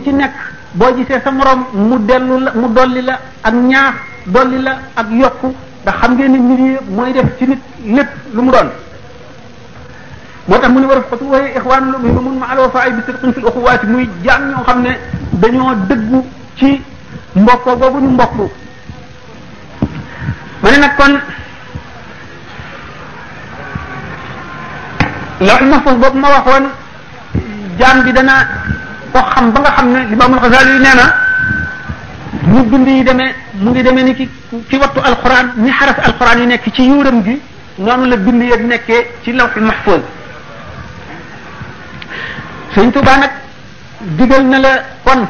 ku ci nekk boo gisee sa morom mu dellu la mu dolli la ak ñaax dolli la ak yokku ndax xam ngeen ni nit yi mooy def ci nit lu mu doon moo tax mu ne war a fatu waaye ixwaan lu muy mun ma aloo bi sirqin fil uxuwaati muy jaam ñoo xam ne dañoo dëggu ci mbokk boobu ñu mbokk mu ne nag kon lawul mahfuz ma waxoon jaan bi dana ko xam ba nga xam ne Imaamul Xasaali nee na mu bind yi demee mu demee ni ki ci wattu alquran ni xaraf alquran yi nekk ci yuuram gi noonu la bind yi nekkee ci lawxul mahfuz Sëñ Tuubaa nag digal na kon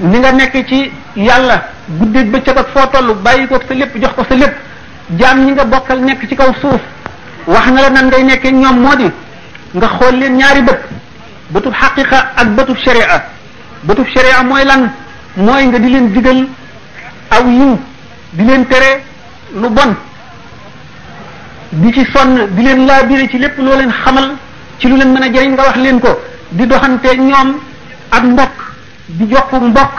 ni nga nekk ci yàlla ba bëccëg ak foo toll bàyyi ko sa lépp jox ko sa lépp jaam ñi nga bokkal nekk ci kaw suuf wax na la nan ngay nekkee ñoom moo di nga xool leen ñaari bët bëtub xaqiqa ak bëtub sharia bëtub sharia mooy lang mooy nga di leen digal aw yiw di leen tere lu bon di ci sonn di leen laabire ci lépp loo leen xamal ci lu leen mën a jëriñ nga wax leen ko di doxante ñoom ak mbokk di jokk mbokk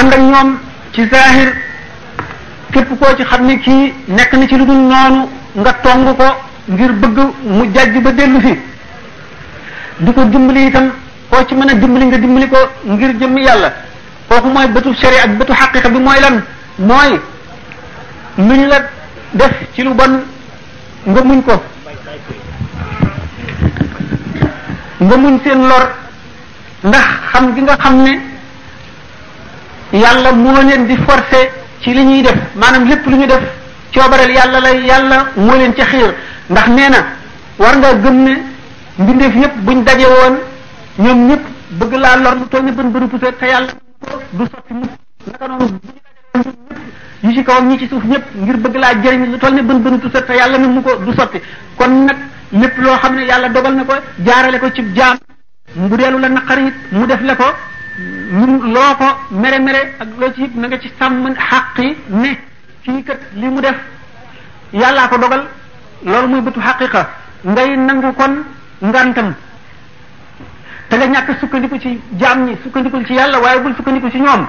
ànd ak ñoom ci zahir képp ko ci xam ni kii nekk na ci lu dul noonu nga tong ko ngir bëgg mu jàjj ba dellu fi di ko dimbali itam koo ci mën a dimbali nga dimbali ko ngir jëmm yàlla kooku mooy bëtu sari ak bëtu xaqiqa bi mooy lan mooy lu ñu la def ci lu bon nga muñ ko nga muñ seen lor ndax xam gi nga xam ne yàlla moo leen di forcer ci li ñuy def maanaam lépp lu ñu def coobareel yàlla la yàlla moo leen ci xiir ndax nee na war nga gëm ne mbindeef yëpp buñ dajee woon ñoom ñëpp bëgg laa lor lu toll ni bën bën poussé te yàlla du sotti mukk naka ñu daje ñi ci ñëpp ngir bëgg laa jëriñ lu toll ni bën bën poussé te yàlla mu ko du sotti kon nag lépp loo xam ne yàlla dogal na ko jaarale ko ci jaam bu deelu la naqari mu def la ko ñun loo ko mere mere ak loo ci na nga ci sàmm xàq yi ne fii kat li mu def yàllaa ko dogal loolu muy bëtu xaqiqa ngay nangu kon ngantam te nga ñàkk sukkandiku ci jaam ñi sukkandikul ci yàlla waaye bul sukkandiku ci ñoom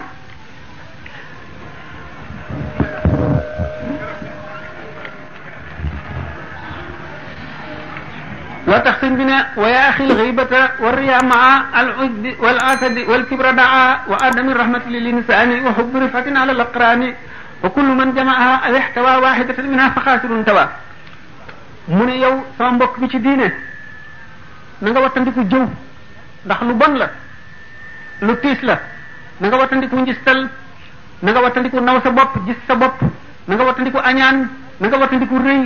وتحسن بنا ويا أخي الغيبة والرياء مع العجب والعسد والكبر دعا وآدم الرحمة للإنسان وحب رفعة على الأقران وكل من جمعها أو احتوى واحدة منها فخاسر توا من يو سام بك دينه nanga nga wattandiku jëw ndax lu bon la lu tiis la na nga wattandiku njistal na nga wattandiku naw sa bopp gis sa bopp na nga wattandiku añaan na nga wattandiku rëy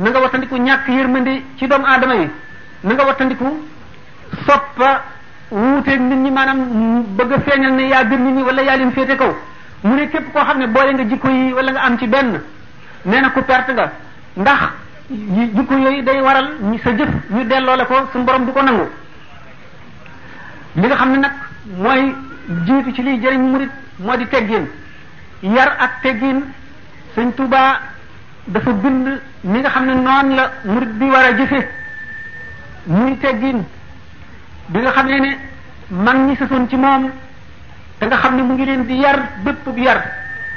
na nga wattandiku ñàkk yërmandi ci doomu aadama yi na nga wattandiku soppa wuuteeg nit ñi maanaam bëgg a feeñal ne yaa gën nit ñi wala yaa leen féete kaw mu ne képp koo xam ne boole nga jikko yi wala nga am ci benn nee na ku perte nga ndax yi jikko yooyu day waral sa jëf ñu delloo la ko suñu borom du ko nangu li nga xam ne nag mooy jiitu ci liy jëriñ murit moo di teggin yar ak teggin sëñ Tuubaa dafa bind ni nga xam ne noonu la murit bi war a jëfe muy teggin bi nga xam ne ne man ñi sësoon ci moom danga xam ne mu ngi leen di yar bépp yar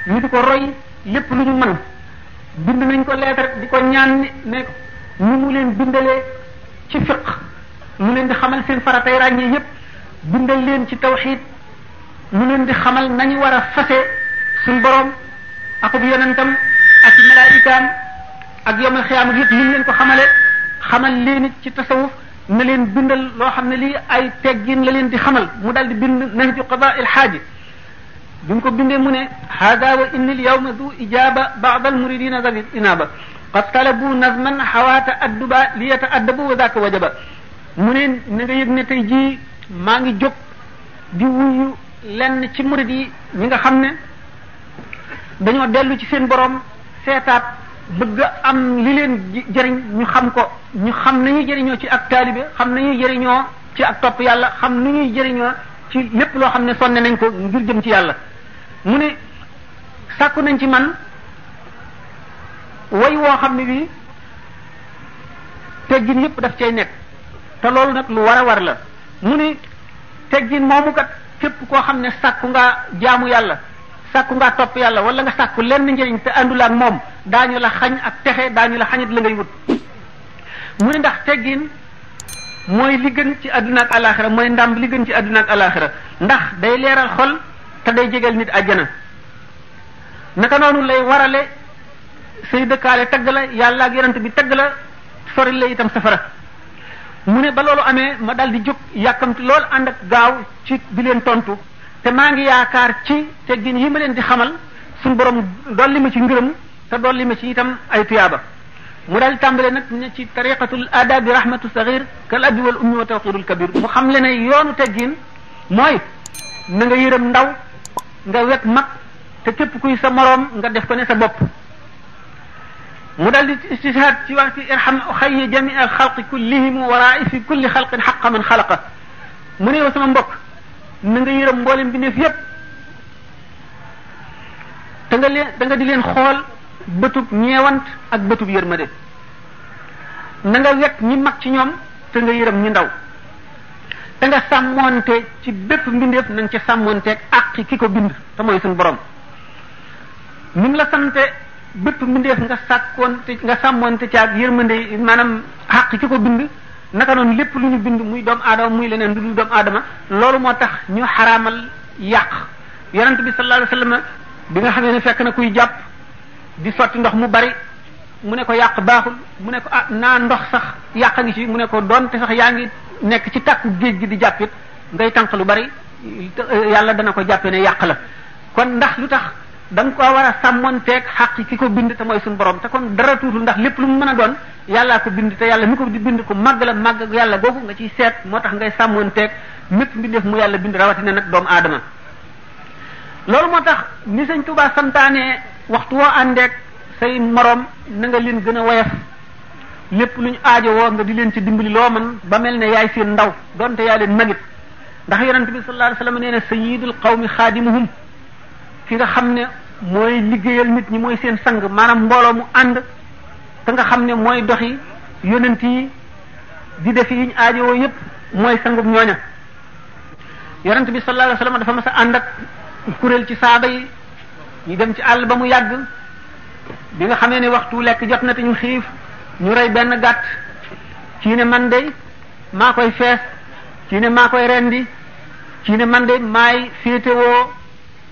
ñu di ko roy lépp lu ñu mën bind nañ ko leetar di ko ñaan ne mu leen bindalee ci fiq mu leen di xamal seen faratay ràññee yépp bindal leen ci tawxid mu leen di xamal nañu war a fase suñ borom akub yonentam ak ci malaayikaam ak yomal xiyaam yépp ñu leen ko xamale xamal leen it ci tasawuf na leen bindal loo xam ne lii ay teggin la leen di xamal mu daal di bind nahju qadaa il xaaji bi mu ko bindee mu ne hada wa innil yawma du ijaba ba'd al muridina zawil inaba qad talabu nazman hawaata adduba li yataaddabu wa zaka wajaba mu ne na nga yëg tey ji maa ngi jóg di wuyu lenn ci murid nga xam ne dañoo dellu ci seen borom seetaat bëgg am li leen jëriñ ñu xam ko ñu xam ñuy jëriñoo ci ak taalibe xam ñuy jëriñoo ci ak topp yàlla xam ñuy jëriñoo ci lépp loo xam ne sonne nañ ko ngir jëm ci yàlla mu ne sàkku nañ ci man way woo xam ne bii teggin yëpp daf cay nekk te loolu nag lu war a war la mu ne teggin moomu képp koo xam ne sàkku nga jaamu yàlla sàkku ngaa topp yàlla wala nga sàkku lenn njëriñ te àndul ak moom daañu la xañ ak texe daañu la xañit la ngay wut mu ne ndax teggin mooy li gën ci àdduna ak mooy ndam li gën ci àdduna ak ndax day leeral xol te day jegeel nit aljana naka nonu lay warale say dëkkaale tagg la yalla ak yonent bi tagg la sori lay itam safara mune ba lolu amé ma daldi juk yakam yàkkamti and ak gaaw ci bi len tontu te ma ngi yaakar ci gin yi ma len di xamal sun borom dolli ma ci ngeureum te dolli ma ci itam ay tiyaba mu dal di nak ñi ci tariqatul adab rahmatu saghir kal abi wal ummi wa tawqirul kabir mu xam le ne yoonu teggin moy na nga yërëm ndaw nga wet mag te képp kuy sa moroom nga def ko ne sa bopp mu dal di istishhad ci wax ci irham xayyi jami al xalqi kullihim waraa'i fi kulli xalqin xaqa man xalaqa mu ne yow sama mbok na nga yërëm mboolem bi neef yépp te nga leen da di leen xool bëtub ñeewant ak bëtub yërmande na nga wet ñi mag ci ñoom te nga yërëm ñi ndaw te nga sàmmoonte ci bépp mbindeef na nga ci sàmmoonteeg àq ki ko bind te mooy suñu borom ni mu la sante bépp mbindeef nga sàkkoonte nga sàmmoonte ci ak yërmande maanaam àq ki ko bind naka noonu lépp lu ñu bind muy doomu aadama muy leneen lu dul doomu aadama loolu moo tax ñu xaraamal yàq yonent bi sallallahu alayhi bi nga xamee ne fekk na kuy jàpp di sotti ndox mu bari mu ne ko yàq baaxul mu ne ko ah naa ndox sax yàq a ngi ci mu ne ko doonte sax yaa ngi nekk ci takku géej gi di jàppit ngay tànq lu bari yàlla dana ko jàppe ne yàq la kon ndax lu tax da nga ko war a teeg xaq ki ko bind te mooy suñu borom te kon dara tuutul ndax lépp lu mu mën a doon yàllaa ko bind te yàlla mi ko di bind ko màgg la màgg yàlla googu nga ciy seet moo tax ngay sàmmonteeg mépp mbindeef mu yàlla bind rawatina nag doomu aadama loolu moo tax ni sañ Tuubaa santaane waxtu woo àndeeg say morom na nga leen gën a woyof lépp lu ñu aajowoo nga di leen ci dimbali loo man ba mel ne yaay seen ndaw donte yaa leen magit ndax yonent bi sallallahu alayhi wasallam nee na sayyidul qawmi xaadimuhum ki nga xam ne mooy liggéeyal nit ñi mooy seen sang maanaam mbooloo mu ànd te nga xam ne mooy doxi yonent yi di def yi ñu aajowoo yépp mooy sangub ñooña yonent bi sallallahu alayhi wasallam dafa mas a ànd ak kuréel ci saaba yi ñu dem ci àll ba mu yàgg bi nga xamee ne waxtu lekk jot na te ñu xiif ñu rey benn gàtt ci ne man de maa koy fees ci ne maa koy rendi ci ne man de maay féetewoo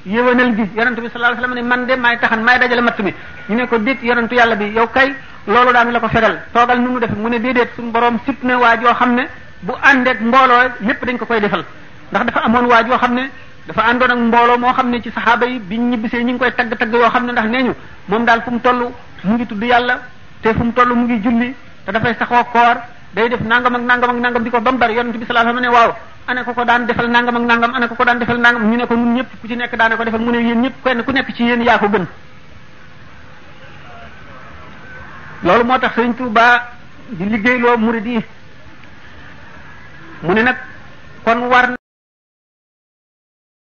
yéwénal gi yonentu bi sallallahu alayhi wasallam ne man de maay taxan maay dajale matt mi ñu ne ko dit yonentu yàlla bi yow kay loolu daanu la ko fegal toogal nu mu def mu ne déedéet suñ borom sip na waa yoo xam ne bu àndeek mbooloo lépp dañ ko koy defal ndax dafa amoon waaj joo xam ne dafa àndoon ak mbooloo moo xam ne ci saxaaba yi biñ ñibbisee ñu ngi koy tagg tagg yoo xam ne ndax nee ñu moom daal fu mu toll mu ngi tudd yàlla te fu mu toll mu ngi julli te dafay saxoo koor day def nangam ak nangam ak nangam bi ko ba mu bari yonent bi sallallahu alayhi wasallam ne waaw ana ko ko daan defal nangam ak nangam ana ko ko daan defal nangam ñu ne ko ñun ñëpp ku ci nekk daana ko defal mu ne yéen ñëpp kenn ku nekk ci yéen yaa ko gën loolu moo tax Sëriñ Tuubaa di liggéeyloo murid yi mu ne nag kon war